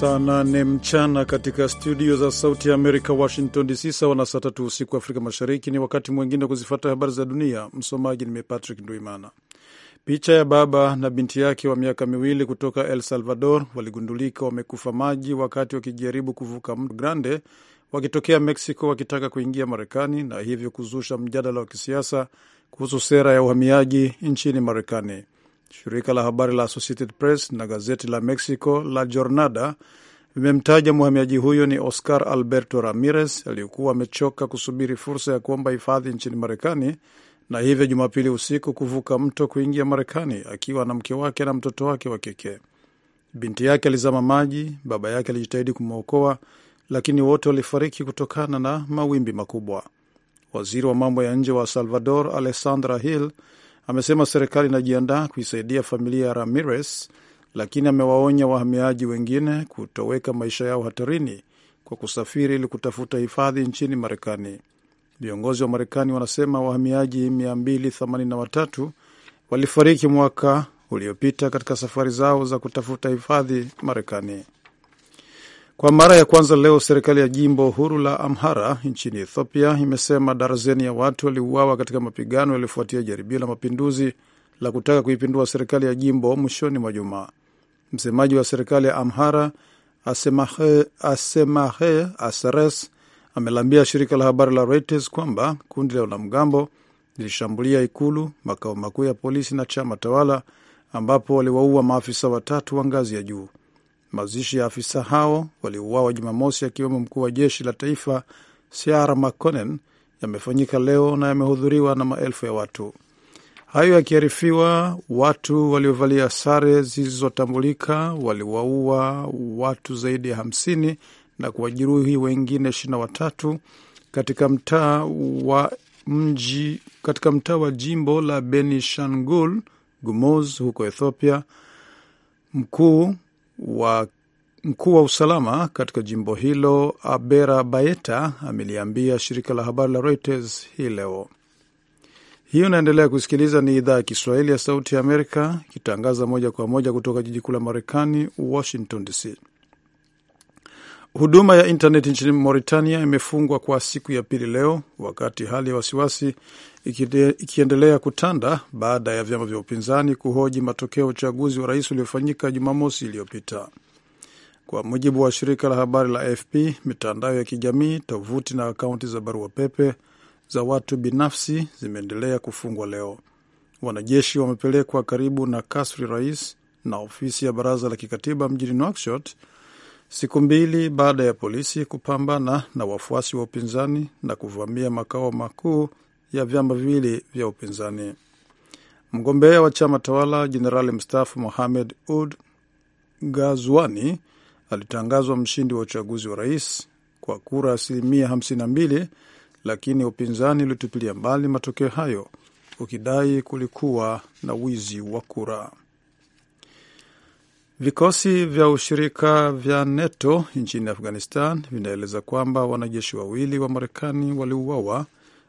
saa nane mchana katika studio za Sauti ya Amerika, Washington DC, sawa na saa tatu usiku Afrika Mashariki. Ni wakati mwingine wa kuzifata habari za dunia. Msomaji nime Patrick nduimana Picha ya baba na binti yake wa miaka miwili kutoka El Salvador waligundulika wamekufa maji wakati wakijaribu kuvuka mto Grande wakitokea Mexico wakitaka kuingia Marekani na hivyo kuzusha mjadala wa kisiasa kuhusu sera ya uhamiaji nchini Marekani. Shirika la habari la Associated Press na gazeti la Mexico la Jornada vimemtaja mhamiaji huyo ni Oscar Alberto Ramirez aliyekuwa amechoka kusubiri fursa ya kuomba hifadhi nchini Marekani na hivyo Jumapili usiku kuvuka mto kuingia Marekani akiwa na mke wake na mtoto wake wa kike. Binti yake alizama maji, baba yake alijitahidi kumwokoa, lakini wote walifariki kutokana na mawimbi makubwa. Waziri wa mambo ya nje wa Salvador Alessandra Hill amesema serikali inajiandaa kuisaidia familia ya Ramirez, lakini amewaonya wahamiaji wengine kutoweka maisha yao hatarini kwa kusafiri ili kutafuta hifadhi nchini Marekani. Viongozi wa Marekani wanasema wahamiaji 283 walifariki mwaka uliopita katika safari zao za kutafuta hifadhi Marekani. Kwa mara ya kwanza leo, serikali ya jimbo huru la Amhara nchini Ethiopia imesema darazeni ya watu waliuawa katika mapigano yaliyofuatia jaribio la mapinduzi la kutaka kuipindua serikali ya jimbo mwishoni mwa Jumaa. Msemaji wa serikali ya Amhara Asemahe, Asemahe Aseres amelambia shirika la habari la Reuters kwamba kundi la wanamgambo lilishambulia ikulu, makao makuu ya polisi na chama tawala, ambapo waliwaua maafisa watatu wa ngazi ya juu. Mazishi ya afisa hao waliouawa Jumamosi, akiwemo mkuu wa jeshi la taifa siara McConen yamefanyika leo na yamehudhuriwa na maelfu ya watu. Hayo yakiarifiwa, watu waliovalia sare zilizotambulika waliwaua watu zaidi ya hamsini na kuwajeruhi wengine ishirini na watatu katika mtaa wa mji katika mtaa wa jimbo la Benishangul Gumuz huko Ethiopia. Mkuu wa mkuu wa usalama katika jimbo hilo Abera Baeta ameliambia shirika la habari la Reuters hii leo. Hiyo inaendelea kusikiliza, ni idhaa ya Kiswahili ya Sauti ya Amerika ikitangaza moja kwa moja kutoka jiji kuu la Marekani, Washington DC. Huduma ya intaneti nchini Mauritania imefungwa kwa siku ya pili leo, wakati hali ya wasiwasi ikiendelea kutanda baada ya vyama vya upinzani kuhoji matokeo ya uchaguzi wa rais uliofanyika Jumamosi iliyopita. Kwa mujibu wa shirika la habari la AFP, mitandao ya kijamii, tovuti na akaunti za barua pepe za watu binafsi zimeendelea kufungwa leo. Wanajeshi wamepelekwa karibu na kasri rais na ofisi ya baraza la kikatiba mjini Nouakchott siku mbili baada ya polisi kupambana na wafuasi wa upinzani na kuvamia makao makuu ya vyama viwili vya upinzani. Mgombea wa chama tawala jenerali mstaafu Mohamed Ud Gazwani alitangazwa mshindi wa uchaguzi wa rais kwa kura asilimia 52, lakini upinzani ulitupilia mbali matokeo hayo ukidai kulikuwa na wizi wa kura. Vikosi vya ushirika vya NATO nchini Afghanistan vinaeleza kwamba wanajeshi wawili wa Marekani waliuawa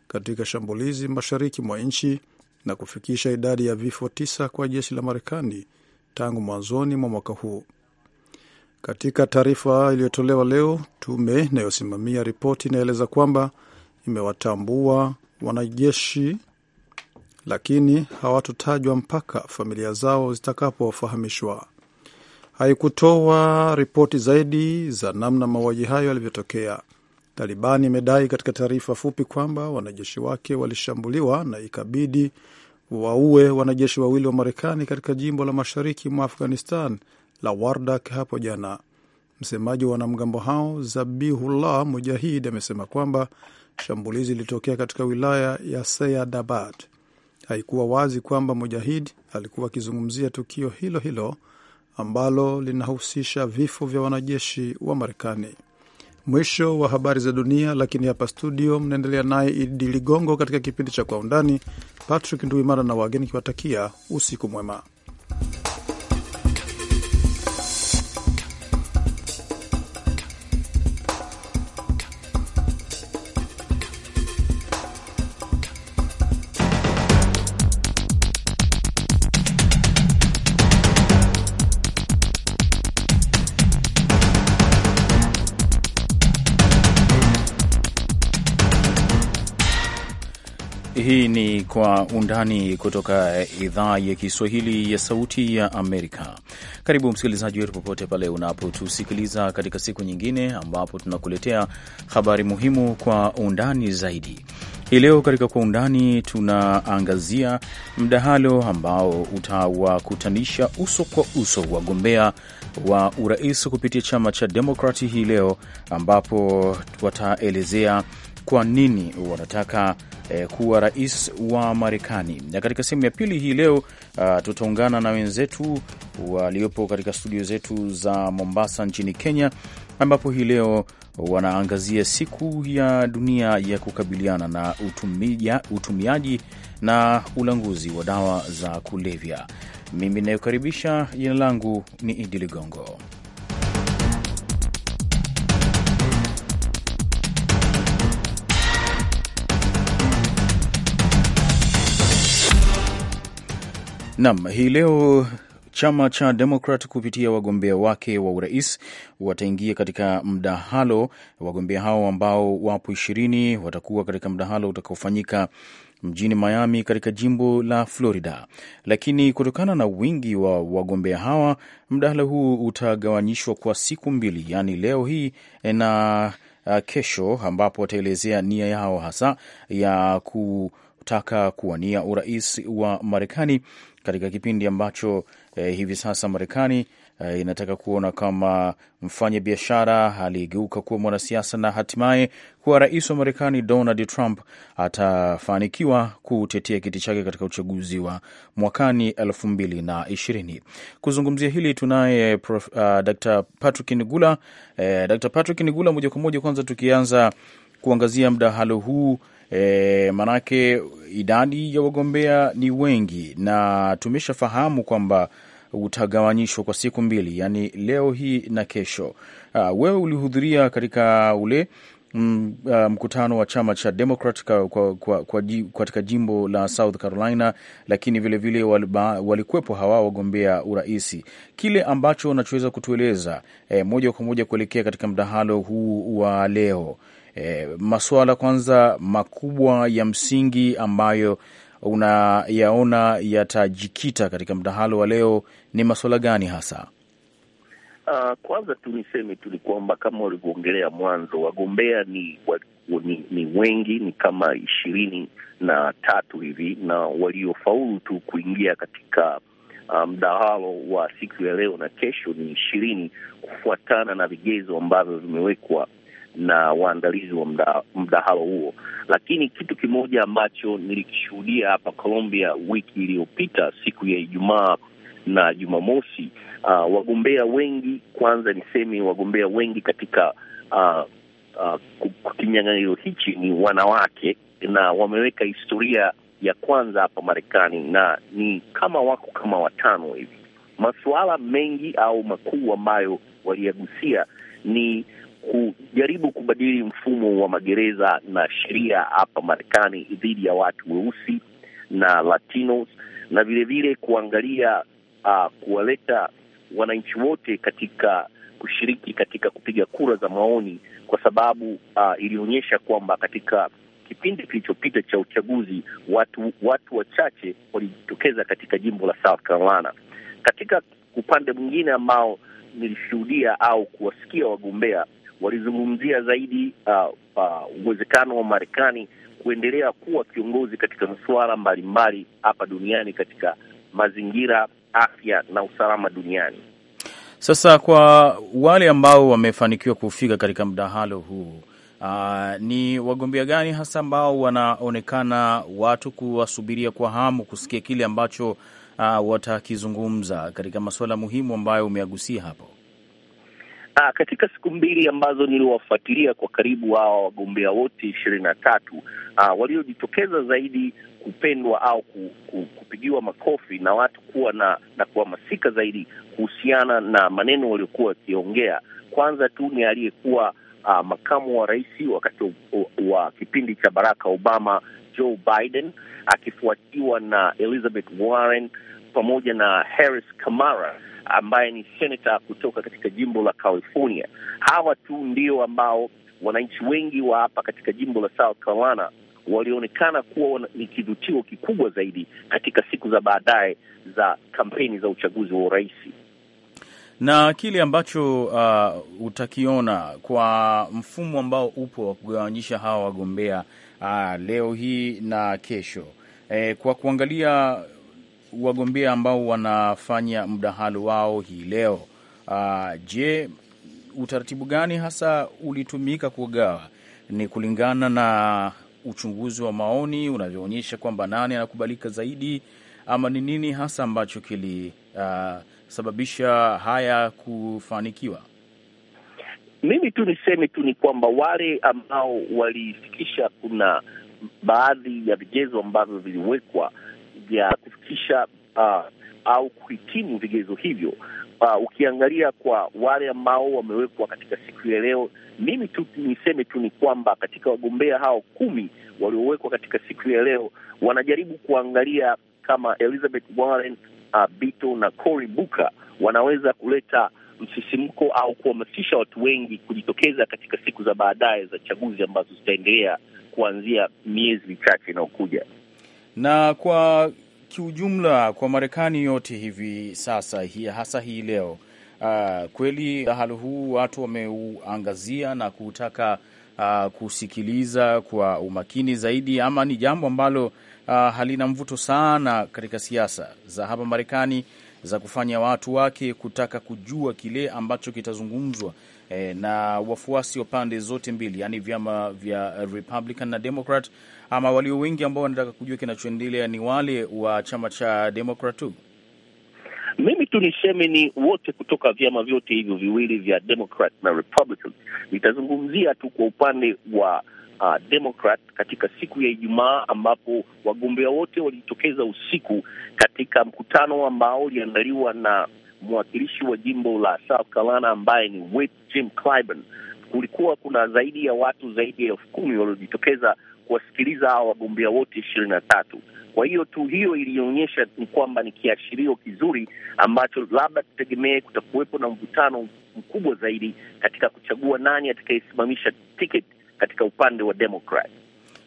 katika shambulizi mashariki mwa nchi na kufikisha idadi ya vifo tisa kwa jeshi la Marekani tangu mwanzoni mwa mwaka huu. Katika taarifa iliyotolewa leo, tume inayosimamia ripoti inaeleza kwamba imewatambua wanajeshi, lakini hawatotajwa mpaka familia zao zitakapofahamishwa haikutoa ripoti zaidi za namna mauaji hayo yalivyotokea. Taliban imedai katika taarifa fupi kwamba wanajeshi wake walishambuliwa na ikabidi waue wanajeshi wawili wa Marekani katika jimbo la mashariki mwa Afghanistan la Wardak hapo jana. Msemaji wa wanamgambo hao Zabihullah Mujahid amesema kwamba shambulizi lilitokea katika wilaya ya Sayadabad. Haikuwa wazi kwamba Mujahid alikuwa akizungumzia tukio hilo hilo ambalo linahusisha vifo vya wanajeshi wa Marekani. Mwisho wa habari za dunia, lakini hapa studio mnaendelea naye Idi Ligongo katika kipindi cha Kwa Undani. Patrick Nduimana na wageni kiwatakia usiku mwema. kwa undani kutoka eh, idhaa ya Kiswahili ya Sauti ya Amerika. Karibu msikilizaji wetu popote pale unapotusikiliza katika siku nyingine ambapo tunakuletea habari muhimu kwa undani zaidi. Hii leo katika kwa undani tunaangazia mdahalo ambao utawakutanisha uso kwa uso wagombea wa urais kupitia chama cha Demokrati hii leo ambapo wataelezea kwa nini wanataka eh, kuwa rais wa Marekani. Na katika sehemu ya pili hii leo uh, tutaungana na wenzetu waliopo katika studio zetu za Mombasa nchini Kenya, ambapo hii leo wanaangazia siku ya dunia ya kukabiliana na utumia, utumiaji na ulanguzi wa dawa za kulevya. Mimi ninayokaribisha, jina langu ni Idi Ligongo. Naam, hii leo chama cha Demokrat kupitia wagombea wake wa urais wataingia katika mdahalo. Wagombea hao ambao wapo ishirini watakuwa katika mdahalo utakaofanyika mjini Miami katika jimbo la Florida, lakini kutokana na wingi wa wagombea hawa mdahalo huu utagawanyishwa kwa siku mbili, yaani leo hii na uh, kesho, ambapo wataelezea nia yao hasa ya ku taka kuwania urais wa Marekani katika kipindi ambacho eh, hivi sasa Marekani eh, inataka kuona kama mfanya biashara aliyegeuka kuwa mwanasiasa na hatimaye kuwa rais wa Marekani Donald Trump atafanikiwa kutetea kiti chake katika uchaguzi wa mwakani elfu mbili na ishirini. Kuzungumzia hili tunaye prof, uh, Dr. Patrick Nigula eh, Dr. Patrick Nigula moja kwa moja. Kwanza tukianza kuangazia mdahalo huu E, manake idadi ya wagombea ni wengi na tumeshafahamu kwamba utagawanyishwa kwa siku mbili, yani leo hii na kesho. Uh, wewe ulihudhuria katika ule m, mm, a, mkutano wa chama cha Democrat kwa, kwa, kwa, katika jimbo la South Carolina, lakini vilevile walikuwepo hawa wagombea uraisi. Kile ambacho unachoweza kutueleza e, moja kwa moja kuelekea katika mdahalo huu wa leo E, eh, masuala kwanza makubwa ya msingi ambayo unayaona yatajikita katika mdahalo wa leo ni masuala gani hasa? Uh, kwanza tu niseme tu ni kwamba kama walivyoongelea mwanzo, wagombea ni, wa, ni ni wengi ni kama ishirini na tatu hivi, na waliofaulu tu kuingia katika ah, mdahalo um, wa siku ya leo na kesho ni ishirini kufuatana na vigezo ambavyo vimewekwa na waandalizi wa mdahalo huo. Lakini kitu kimoja ambacho nilikishuhudia hapa Colombia wiki iliyopita siku ya Ijumaa na Jumamosi, uh, wagombea wengi, kwanza niseme wagombea wengi katika uh, uh, kinyang'anyiro hichi ni wanawake na wameweka historia ya kwanza hapa Marekani na ni kama wako kama watano hivi. Masuala mengi au makuu ambayo waliyagusia ni kujaribu kubadili mfumo wa magereza na sheria hapa Marekani dhidi ya watu weusi na Latinos na vilevile kuangalia uh, kuwaleta wananchi wote katika kushiriki katika kupiga kura za maoni, kwa sababu uh, ilionyesha kwamba katika kipindi kilichopita cha uchaguzi watu watu wachache walijitokeza katika jimbo la South Carolina. Katika upande mwingine ambao nilishuhudia au kuwasikia wagombea walizungumzia zaidi uwezekano uh, uh, wa Marekani kuendelea kuwa kiongozi katika masuala mbalimbali hapa duniani katika mazingira, afya na usalama duniani. Sasa kwa wale ambao wamefanikiwa kufika katika mdahalo huu Uh, ni wagombea gani hasa ambao wanaonekana watu kuwasubiria kwa hamu kusikia kile ambacho uh, watakizungumza katika masuala muhimu ambayo umeagusia hapo? Aa, ah, katika siku mbili ambazo niliwafuatilia kwa karibu hawa wagombea wote ishirini na tatu ah, waliojitokeza zaidi kupendwa au ku, ku, kupigiwa makofi na watu kuwa na na kuhamasika zaidi kuhusiana na maneno waliokuwa wakiongea, kwanza tu ni aliyekuwa Uh, makamu wa rais wakati wa kipindi cha Barack Obama Joe Biden, akifuatiwa na Elizabeth Warren pamoja na Harris kamara ambaye ni senata kutoka katika jimbo la California. Hawa tu ndio ambao wananchi wengi wa hapa katika jimbo la South Carolina walionekana kuwa ni kivutio kikubwa zaidi katika siku za baadaye za kampeni za uchaguzi wa urais na kile ambacho uh, utakiona kwa mfumo ambao upo wa kugawanyisha hawa wagombea uh, leo hii na kesho, eh, kwa kuangalia wagombea ambao wanafanya mdahalo wao hii leo. Uh, je, utaratibu gani hasa ulitumika kugawa? Ni kulingana na uchunguzi wa maoni unavyoonyesha kwamba nani anakubalika zaidi, ama ni nini hasa ambacho kilisababisha ah, uh, haya kufanikiwa? Mimi tu niseme tu ni kwamba wale ambao walifikisha, kuna baadhi ya vigezo ambavyo viliwekwa vya kufikisha uh, au kuhitimu vigezo hivyo. Uh, ukiangalia kwa wale ambao wamewekwa katika siku ya leo, mimi tu niseme tu ni kwamba katika wagombea hao kumi waliowekwa katika siku ya leo wanajaribu kuangalia kama Elizabeth Warren, uh, Bito na Cory Booker wanaweza kuleta msisimko au kuhamasisha watu wengi kujitokeza katika siku za baadaye za chaguzi ambazo zitaendelea kuanzia miezi michache inayokuja na kwa kiujumla kwa Marekani yote hivi sasa hii, hasa hii leo uh, kweli hali huu watu wameuangazia na kutaka uh, kusikiliza kwa umakini zaidi, ama ni jambo ambalo uh, halina mvuto sana katika siasa za hapa Marekani za kufanya watu wake kutaka kujua kile ambacho kitazungumzwa e, na wafuasi wa pande zote mbili, yani vyama vya Republican na Democrat, ama walio wengi ambao wanataka kujua kinachoendelea ni wale wa chama cha Democrat tu. Mimi tu niseme ni wote kutoka vyama vyote hivyo viwili vya Democrat na Republican. Nitazungumzia tu kwa upande wa Uh, Democrat katika siku ya Ijumaa ambapo wagombea wote walijitokeza usiku katika mkutano ambao uliandaliwa na mwakilishi wa jimbo la South Carolina ambaye ni Whip Jim Clyburn, kulikuwa kuna zaidi ya watu zaidi ya elfu kumi waliojitokeza kuwasikiliza hawa wagombea wote ishirini na tatu. Kwa hiyo tu hiyo ilionyesha ni kwamba ni kiashirio kizuri ambacho labda tutegemee kutakuwepo na mvutano mkubwa zaidi katika kuchagua nani atakayesimamisha tiketi katika upande wa Democrat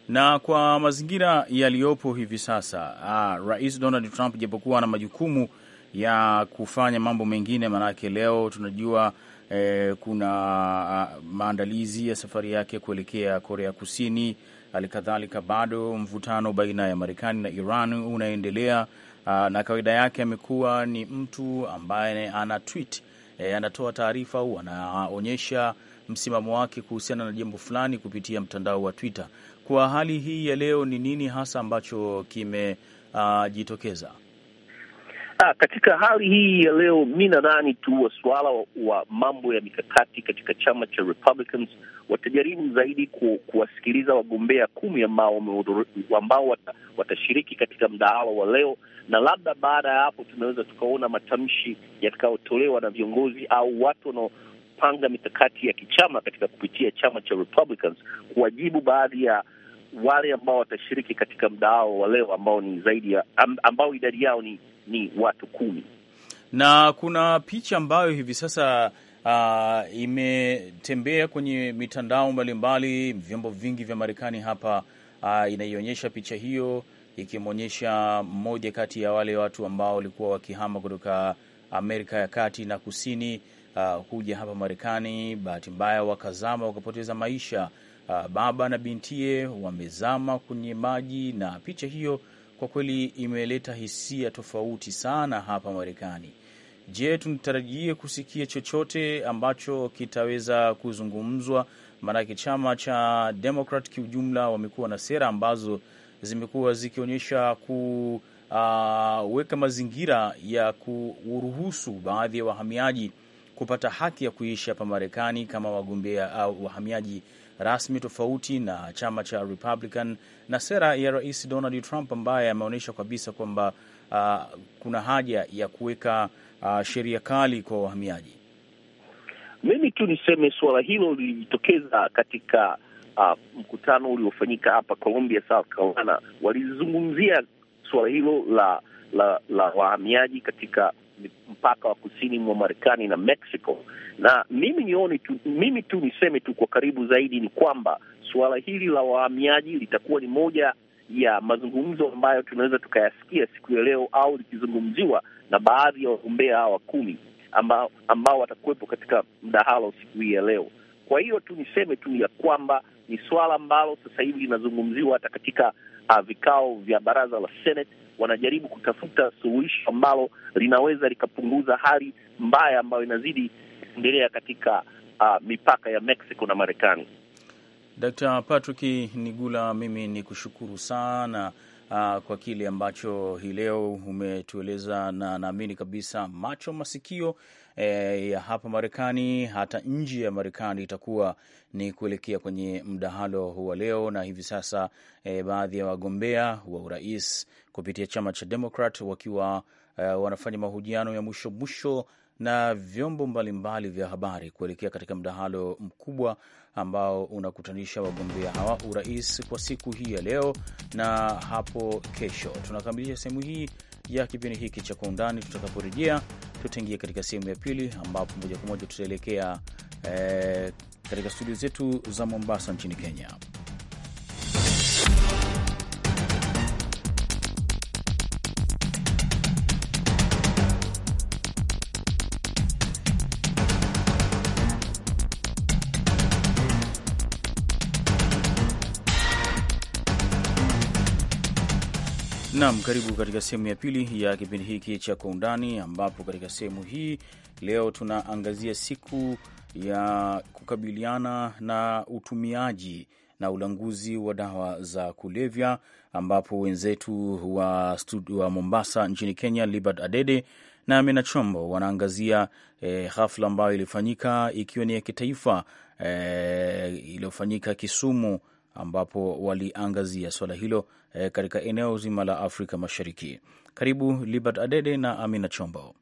na kwa mazingira yaliyopo hivi sasa, ah, Rais Donald Trump japokuwa ana majukumu ya kufanya mambo mengine, maanake leo tunajua e, kuna ah, maandalizi ya safari yake kuelekea Korea Kusini. Hali kadhalika bado mvutano baina ya Marekani na Iran unaendelea, ah, na kawaida yake amekuwa ni mtu ambaye ana tweet E, anatoa taarifa au anaonyesha msimamo wake kuhusiana na jambo fulani kupitia mtandao wa Twitter. Kwa hali hii ya leo, ni nini hasa ambacho kimejitokeza? Uh, Ha, ah, katika hali hii ya leo mi nadhani tu wasuala wa, wa mambo ya mikakati katika chama cha Republicans watajaribu zaidi ku, kuwasikiliza wagombea kumi ambao ambao wata, watashiriki katika mdahalo wa leo, na labda baada ya hapo tunaweza tukaona matamshi yatakayotolewa na viongozi au watu wanaopanga mikakati ya kichama katika kupitia chama cha Republicans kuwajibu baadhi ya wale ambao watashiriki katika mdahalo wa leo ambao ni zaidi ya ambao idadi yao ni ni watu kumi na kuna picha ambayo hivi sasa uh, imetembea kwenye mitandao mbalimbali, vyombo vingi vya Marekani hapa uh, inaionyesha picha hiyo ikimwonyesha mmoja kati ya wale watu ambao walikuwa wakihama kutoka Amerika ya kati na kusini uh, kuja hapa Marekani, bahati mbaya wakazama wakapoteza maisha. Uh, baba na bintie wamezama kwenye maji na picha hiyo kwa kweli imeleta hisia tofauti sana hapa Marekani. Je, tunatarajie kusikia chochote ambacho kitaweza kuzungumzwa? Maanake chama cha Demokrat kiujumla wamekuwa na sera ambazo zimekuwa zikionyesha kuweka ah, uh, mazingira ya kuruhusu baadhi ya wahamiaji kupata haki ya kuishi hapa Marekani kama wagombea au uh, wahamiaji rasmi tofauti na chama cha Republican na sera ya Rais Donald Trump ambaye ameonyesha kabisa kwamba uh, kuna haja ya kuweka uh, sheria kali kwa wahamiaji. Mimi tu niseme suala hilo lilijitokeza katika uh, mkutano uliofanyika hapa Columbia, South Carolina. Walizungumzia suala hilo la la, la wahamiaji katika mpaka wa kusini mwa Marekani na Mexico. Na mimi nione tu, mimi tu niseme tu kwa karibu zaidi ni kwamba suala hili la wahamiaji litakuwa ni moja ya mazungumzo ambayo tunaweza tukayasikia siku ya leo au likizungumziwa na baadhi ya wagombea hawa kumi ambao ambao watakuwepo katika mdahalo siku hii ya leo. Kwa hiyo tu niseme tu ya kwamba ni swala ambalo sasa hivi linazungumziwa hata katika uh, vikao vya baraza la Senate wanajaribu kutafuta suluhisho ambalo linaweza likapunguza hali mbaya ambayo inazidi kuendelea katika uh, mipaka ya Mexico na Marekani. Dkt. Patrick Nigula, mimi ni kushukuru sana uh, kwa kile ambacho hii leo umetueleza, na naamini kabisa macho masikio eh, ya hapa Marekani hata nje ya Marekani itakuwa ni kuelekea kwenye mdahalo wa leo, na hivi sasa eh, baadhi ya wagombea wa urais kupitia chama cha Democrat wakiwa eh, wanafanya mahojiano ya mwisho mwisho na vyombo mbalimbali mbali vya habari kuelekea katika mdahalo mkubwa ambao unakutanisha wagombea hawa urais kwa siku hii ya leo na hapo kesho. Tunakamilisha sehemu hii ya kipindi hiki cha Kwa Undani. Tutakaporejea tutaingia katika sehemu ya pili, ambapo moja kwa moja tutaelekea eh, katika studio zetu za Mombasa nchini Kenya. Naam, karibu katika sehemu ya pili ya kipindi hiki cha Kwa Undani, ambapo katika sehemu hii leo tunaangazia siku ya kukabiliana na utumiaji na ulanguzi wa dawa za kulevya, ambapo wenzetu wa, wa Mombasa nchini Kenya, Libert Adede na Amina Chombo wanaangazia eh, hafla ambayo ilifanyika ikiwa ni ya kitaifa eh, iliyofanyika Kisumu ambapo waliangazia swala hilo e, katika eneo zima la Afrika Mashariki. Karibu Libert Adede na Amina Chombo.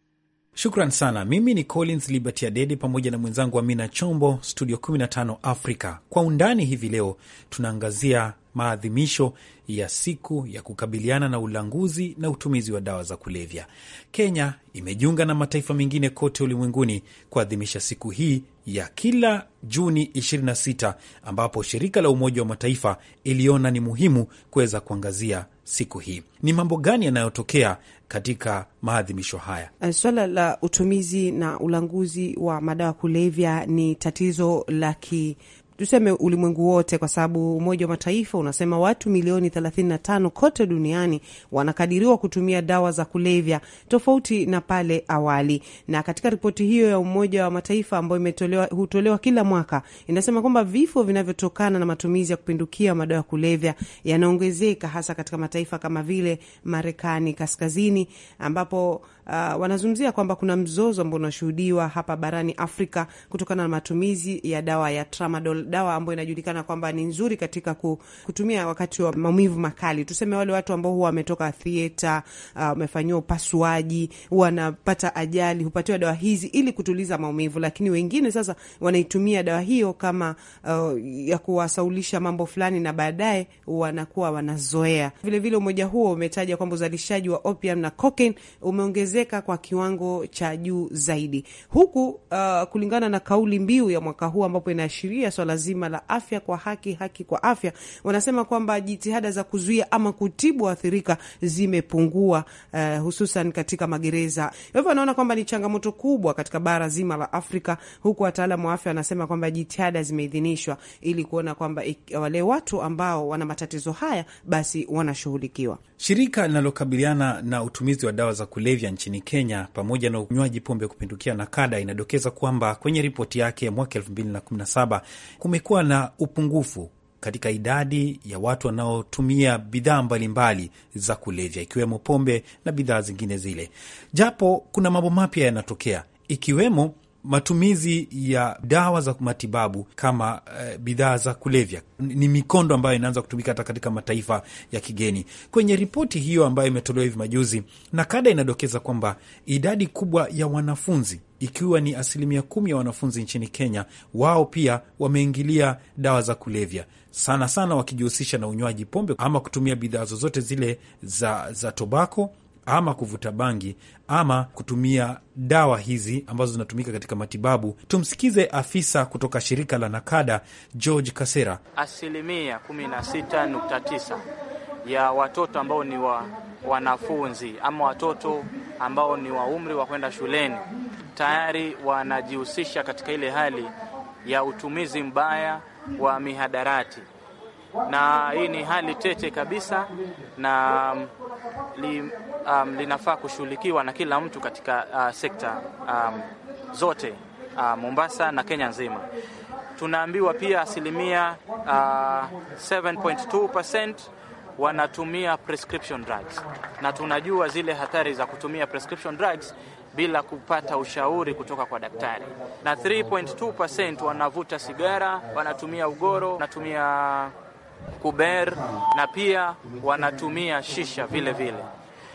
Shukran sana. Mimi ni Collins Libert Adede pamoja na mwenzangu Amina Chombo, Studio 15 africa Kwa undani hivi leo tunaangazia maadhimisho ya siku ya kukabiliana na ulanguzi na utumizi wa dawa za kulevya. Kenya imejiunga na mataifa mengine kote ulimwenguni kuadhimisha siku hii ya kila Juni 26 ambapo shirika la Umoja wa Mataifa iliona ni muhimu kuweza kuangazia siku hii. Ni mambo gani yanayotokea katika maadhimisho haya? Eh, swala la utumizi na ulanguzi wa madawa kulevya ni tatizo la ki tuseme ulimwengu wote, kwa sababu Umoja wa Mataifa unasema watu milioni 35 kote duniani wanakadiriwa kutumia dawa za kulevya tofauti na pale awali. Na katika ripoti hiyo ya Umoja wa Mataifa ambayo imetolewa hutolewa kila mwaka, inasema kwamba vifo vinavyotokana na matumizi ya kupindukia madawa ya kulevya yanaongezeka hasa katika mataifa kama vile Marekani kaskazini ambapo uh, wanazungumzia kwamba kuna mzozo ambao unashuhudiwa hapa barani Afrika kutokana na matumizi ya dawa ya tramadol, dawa ambayo inajulikana kwamba ni nzuri katika kutumia wakati wa maumivu makali. Tuseme wale watu ambao huwa wametoka thieta, uh, wamefanyiwa uh, upasuaji, wanapata ajali, hupatiwa dawa hizi ili kutuliza maumivu, lakini wengine sasa wanaitumia dawa hiyo kama uh, ya kuwasaulisha mambo fulani, na baadaye wanakuwa wanazoea. Vilevile umoja huo umetaja kwamba uzalishaji wa opium na cocaine umeongezeka kuongezeka kwa kiwango cha juu zaidi, huku uh, kulingana na kauli mbiu ya mwaka huu ambapo inaashiria swala so zima la afya kwa haki, haki kwa afya, wanasema kwamba jitihada za kuzuia ama kutibu athirika zimepungua, uh, hususan katika magereza. Hivyo wanaona kwamba ni changamoto kubwa katika bara zima la Afrika, huku wataalam wa afya wanasema kwamba jitihada zimeidhinishwa ili kuona kwamba wale watu ambao wana matatizo haya basi wanashughulikiwa. Shirika linalokabiliana na utumizi wa dawa za kulevya nchini nchini Kenya pamoja na unywaji pombe wa kupindukia, na kada inadokeza kwamba kwenye ripoti yake ya mwaka saba kumekuwa na upungufu katika idadi ya watu wanaotumia bidhaa mbalimbali za kulevya ikiwemo pombe na bidhaa zingine zile, japo kuna mambo mapya yanatokea ikiwemo matumizi ya dawa za matibabu kama e, bidhaa za kulevya ni mikondo ambayo inaanza kutumika hata katika mataifa ya kigeni. Kwenye ripoti hiyo ambayo imetolewa hivi majuzi, na kada inadokeza kwamba idadi kubwa ya wanafunzi ikiwa ni asilimia kumi ya wanafunzi nchini Kenya, wao pia wameingilia dawa za kulevya sana sana wakijihusisha na unywaji pombe ama kutumia bidhaa zozote zile za, za tobako ama kuvuta bangi ama kutumia dawa hizi ambazo zinatumika katika matibabu. Tumsikize afisa kutoka shirika la Nakada George Kasera. Asilimia 16.9 ya watoto ambao ni wa wanafunzi ama watoto ambao ni wa umri wa kwenda shuleni tayari wanajihusisha katika ile hali ya utumizi mbaya wa mihadarati na hii ni hali tete kabisa na um, li, um, linafaa kushughulikiwa na kila mtu katika uh, sekta um, zote uh, Mombasa na Kenya nzima. Tunaambiwa pia asilimia uh, 7.2% wanatumia prescription drugs, na tunajua zile hatari za kutumia prescription drugs bila kupata ushauri kutoka kwa daktari, na 3.2% wanavuta sigara, wanatumia ugoro, wanatumia kuber na pia wanatumia shisha vile vile.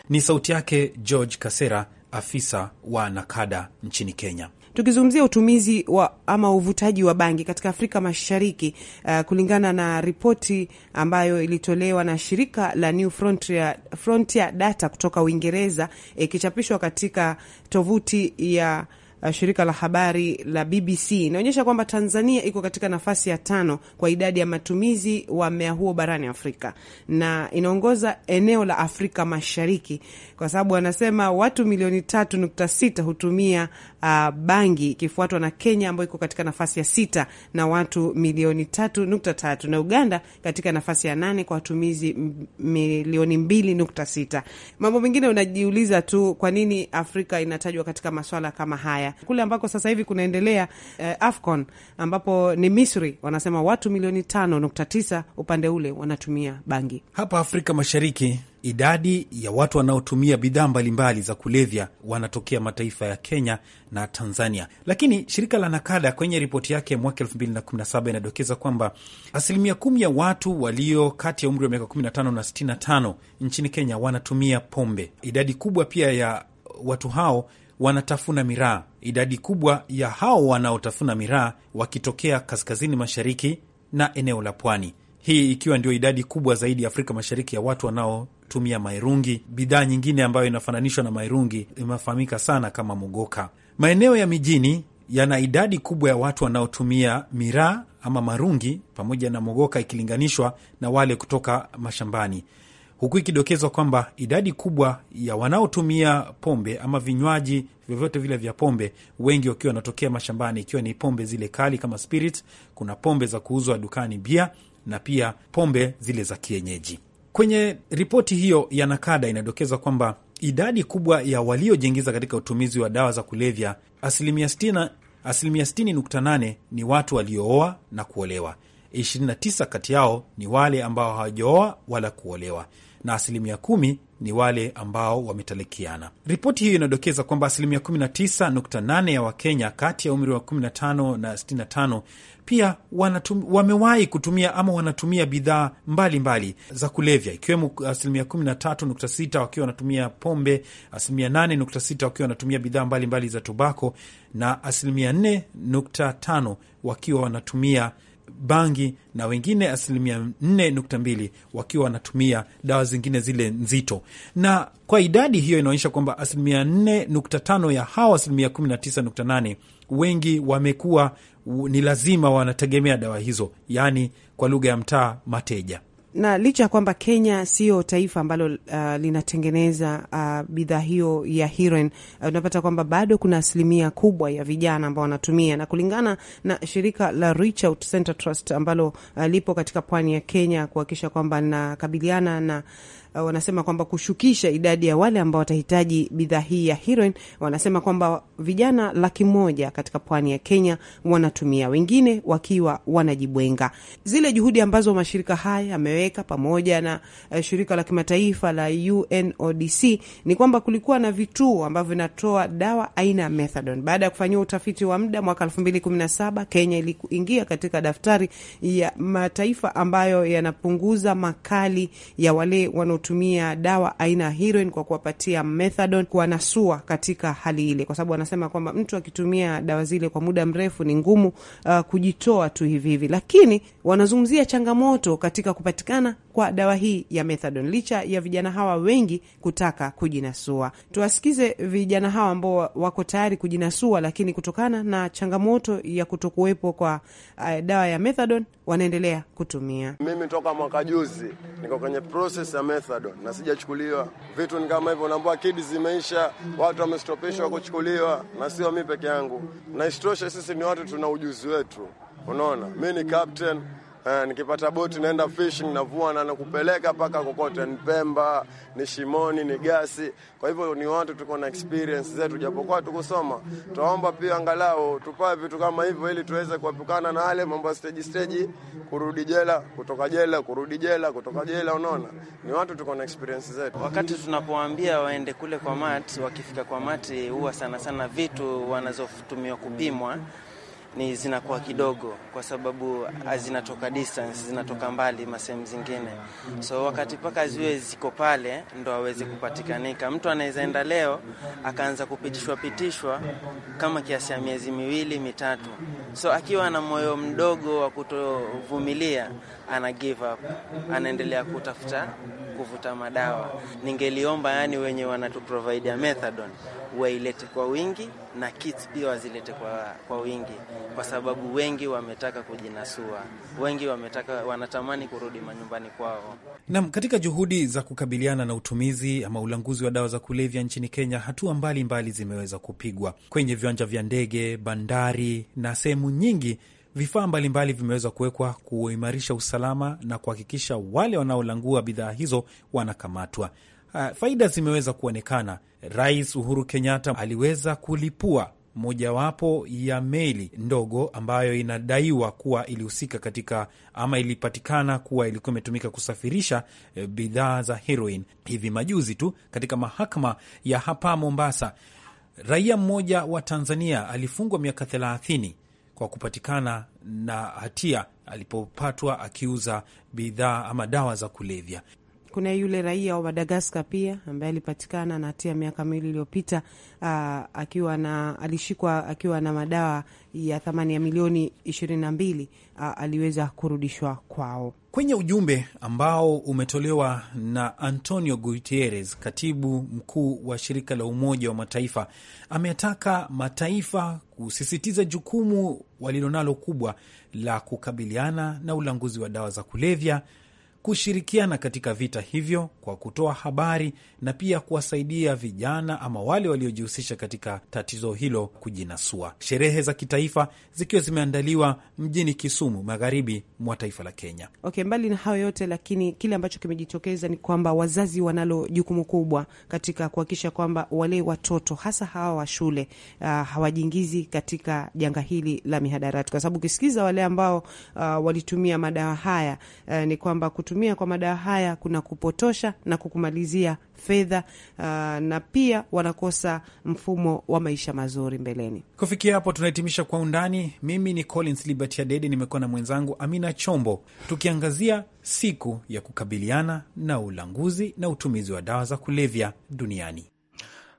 Ni sauti yake George Kasera, afisa wa Nakada nchini Kenya. Tukizungumzia utumizi wa ama uvutaji wa bangi katika Afrika Mashariki, uh, kulingana na ripoti ambayo ilitolewa na shirika la New Frontier, Frontier Data kutoka Uingereza ikichapishwa eh, katika tovuti ya uh, shirika la habari la BBC inaonyesha kwamba Tanzania iko katika nafasi ya tano kwa idadi ya matumizi wa mmea huo barani Afrika na inaongoza eneo la Afrika Mashariki kwa sababu wanasema watu milioni tatu nukta sita hutumia uh, bangi ikifuatwa na Kenya ambayo iko katika nafasi ya sita na watu milioni tatu nukta tatu na Uganda katika nafasi ya nane kwa watumizi milioni mbili nukta sita. Mambo mengine unajiuliza tu kwa nini Afrika inatajwa katika maswala kama haya kule ambako sasa hivi kunaendelea eh, AFCON ambapo ni Misri, wanasema watu milioni tano nukta tisa upande ule wanatumia bangi. Hapa Afrika Mashariki idadi ya watu wanaotumia bidhaa mbalimbali za kulevya wanatokea mataifa ya Kenya na Tanzania, lakini shirika la Nakada kwenye ripoti yake mwaka 2017 inadokeza kwamba asilimia kumi ya watu walio kati ya umri wa miaka 15 na 65 nchini Kenya wanatumia pombe. Idadi kubwa pia ya watu hao wanatafuna miraa. Idadi kubwa ya hao wanaotafuna miraa wakitokea kaskazini mashariki na eneo la pwani, hii ikiwa ndio idadi kubwa zaidi ya Afrika Mashariki ya watu wanaotumia mairungi. Bidhaa nyingine ambayo inafananishwa na mairungi imefahamika sana kama mogoka. Maeneo ya mijini yana idadi kubwa ya watu wanaotumia miraa ama marungi pamoja na mogoka ikilinganishwa na wale kutoka mashambani huku ikidokezwa kwamba idadi kubwa ya wanaotumia pombe ama vinywaji vyovyote vile vya pombe, wengi wakiwa wanatokea mashambani, ikiwa ni pombe zile kali kama spirit. Kuna pombe za kuuzwa dukani, bia, na pia pombe zile za kienyeji. Kwenye ripoti hiyo ya Nakada inadokeza kwamba idadi kubwa ya waliojiingiza katika utumizi wa dawa za kulevya, asilimia 60.8 ni watu waliooa na kuolewa. 29 kati yao ni wale ambao hawajaoa wala kuolewa na asilimia kumi ni wale ambao wametalikiana. Ripoti hiyo inadokeza kwamba asilimia 19.8 ya Wakenya kati ya umri wa 15 na 65 pia wamewahi kutumia ama wanatumia bidhaa mbalimbali za kulevya, ikiwemo asilimia 13.6 wakiwa wanatumia pombe, asilimia 8.6 wakiwa wanatumia bidhaa mbalimbali za tobako na asilimia 4.5 wakiwa wanatumia bangi na wengine asilimia 4.2 wakiwa wanatumia dawa zingine zile nzito, na kwa idadi hiyo inaonyesha kwamba asilimia 4.5 ya hawa asilimia 19.8 wengi wamekuwa ni lazima wanategemea dawa hizo, yaani kwa lugha ya mtaa mateja na licha ya kwamba Kenya siyo taifa ambalo uh, linatengeneza uh, bidhaa hiyo ya heroin uh, unapata kwamba bado kuna asilimia kubwa ya vijana ambao wanatumia, na kulingana na shirika la Reach Out Center Trust ambalo uh, lipo katika pwani ya Kenya kuhakikisha kwamba linakabiliana na Uh, wanasema kwamba kushukisha idadi ya wale ambao watahitaji bidhaa hii ya heroin. Wanasema kwamba vijana laki moja katika pwani ya Kenya wanatumia, wengine wakiwa wanajibwenga. Zile juhudi ambazo mashirika haya yameweka pamoja na uh, shirika la kimataifa la UNODC ni kwamba kulikuwa na vituo ambavyo vinatoa dawa aina ya methadone. Baada ya kufanyiwa utafiti wa muda mwaka 2017 Kenya iliingia katika daftari ya mataifa ambayo yanapunguza makali ya wale wanao kutumia dawa aina ya heroin kwa kuwapatia methadone wanasua katika hali ile, kwa sababu wanasema kwamba mtu akitumia dawa zile kwa muda mrefu ni ngumu uh, kujitoa tu hivi hivi, lakini wanazungumzia changamoto katika kupatikana kwa dawa hii ya methadone, licha ya vijana hawa wengi kutaka kujinasua. Tuwasikize vijana hawa ambao wako tayari kujinasua, lakini kutokana na changamoto ya kutokuwepo kwa uh, dawa ya methadone wanaendelea kutumia. Mimi toka mwaka juzi niko kwenye process ya methadone mastodon na sijachukuliwa vitu ni kama hivyo, naambua kidi zimeisha, watu wamestopeshwa kuchukuliwa, na sio mi peke yangu, na isitoshe sisi ni watu tuna ujuzi wetu. Unaona, mi ni captain Eh, nikipata boti naenda fishing navua na nakupeleka mpaka kokote, ni Pemba, ni Shimoni, ni Gasi. Kwa hivyo ni watu tuko na experience zetu, japokuwa tukusoma. Tunaomba pia angalau tupae vitu kama hivyo, ili tuweze kuepukana na wale mambo ya stage stage, kurudi jela, kutoka jela, kurudi jela, kutoka jela. Unaona, ni watu tuko na experience zetu. Wakati tunapoambia waende kule kwa mat, wakifika kwa mat, huwa sana sana vitu wanazotumia kupimwa ni zinakuwa kidogo, kwa sababu zinatoka distance, zinatoka mbali masehemu zingine. So wakati mpaka ziwe ziko pale ndo aweze kupatikanika. Mtu anaweza enda leo akaanza kupitishwa pitishwa kama kiasi ya miezi miwili mitatu. So akiwa na moyo mdogo wa kutovumilia ana give up, anaendelea kutafuta kuvuta madawa. Ningeliomba yani wenye wanatuprovide ya methadone wailete kwa wingi na kits pia wazilete kwa, kwa wingi, kwa sababu wengi wametaka kujinasua, wengi wametaka wanatamani kurudi manyumbani kwao. Nam, katika juhudi za kukabiliana na utumizi ama ulanguzi wa dawa za kulevya nchini Kenya, hatua mbalimbali zimeweza kupigwa kwenye viwanja vya ndege, bandari na sehemu nyingi Vifaa mbalimbali vimeweza kuwekwa kuimarisha usalama na kuhakikisha wale wanaolangua bidhaa hizo wanakamatwa. Ah, faida zimeweza kuonekana. Rais Uhuru Kenyatta aliweza kulipua mojawapo ya meli ndogo ambayo inadaiwa kuwa ilihusika katika ama ilipatikana kuwa ilikuwa imetumika kusafirisha eh, bidhaa za heroin. Hivi majuzi tu katika mahakama ya hapa Mombasa, raia mmoja wa Tanzania alifungwa miaka thelathini kwa kupatikana na hatia alipopatwa akiuza bidhaa ama dawa za kulevya. Kuna yule raia wa Madagaskar pia ambaye alipatikana na hatia miaka miwili iliyopita ah, akiwa na alishikwa akiwa na madawa ya thamani ya milioni ishirini na mbili ah, aliweza kurudishwa kwao. Kwenye ujumbe ambao umetolewa na Antonio Guterres, katibu mkuu wa shirika la Umoja wa Mataifa, ametaka mataifa kusisitiza jukumu walilonalo kubwa la kukabiliana na ulanguzi wa dawa za kulevya kushirikiana katika vita hivyo kwa kutoa habari na pia kuwasaidia vijana ama wale waliojihusisha katika tatizo hilo kujinasua. Sherehe za kitaifa zikiwa zimeandaliwa mjini Kisumu, magharibi mwa taifa la Kenya. Okay, mbali na hayo yote lakini kile ambacho kimejitokeza ni kwamba wazazi wanalo jukumu kubwa katika kuhakikisha kwamba wale watoto hasa hawa wa shule uh, hawajiingizi katika janga hili la mihadarati, kwa sababu ukisikiza wale ambao uh, walitumia madawa haya uh, ni kwamba kutu unatumia kwa madawa haya kuna kupotosha na kukumalizia fedha uh, na pia wanakosa mfumo wa maisha mazuri mbeleni. Kufikia hapo, tunahitimisha kwa undani. Mimi ni Collins Liberty Adede, nimekuwa na mwenzangu Amina Chombo, tukiangazia siku ya kukabiliana na ulanguzi na utumizi wa dawa za kulevya duniani.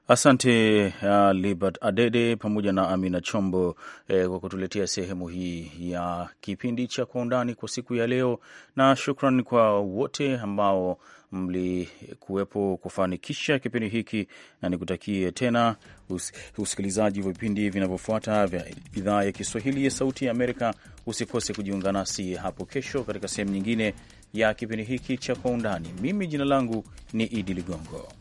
Asante uh, Libert Adede pamoja na Amina Chombo eh, kwa kutuletea sehemu hii ya kipindi cha Kwa Undani kwa siku ya leo, na shukran kwa wote ambao mlikuwepo kufanikisha kipindi hiki, na nikutakie tena us usikilizaji wa vipindi vinavyofuata vya idhaa ya Kiswahili ya Sauti ya Amerika. Usikose kujiunga nasi hapo kesho katika sehemu nyingine ya kipindi hiki cha Kwa Undani. Mimi jina langu ni Idi Ligongo.